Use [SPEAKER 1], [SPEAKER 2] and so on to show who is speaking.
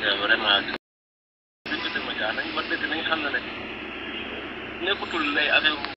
[SPEAKER 1] que vraiment dëgg-dëgg ma jaar nañ war dëgg nañ xam ne nag nekkutul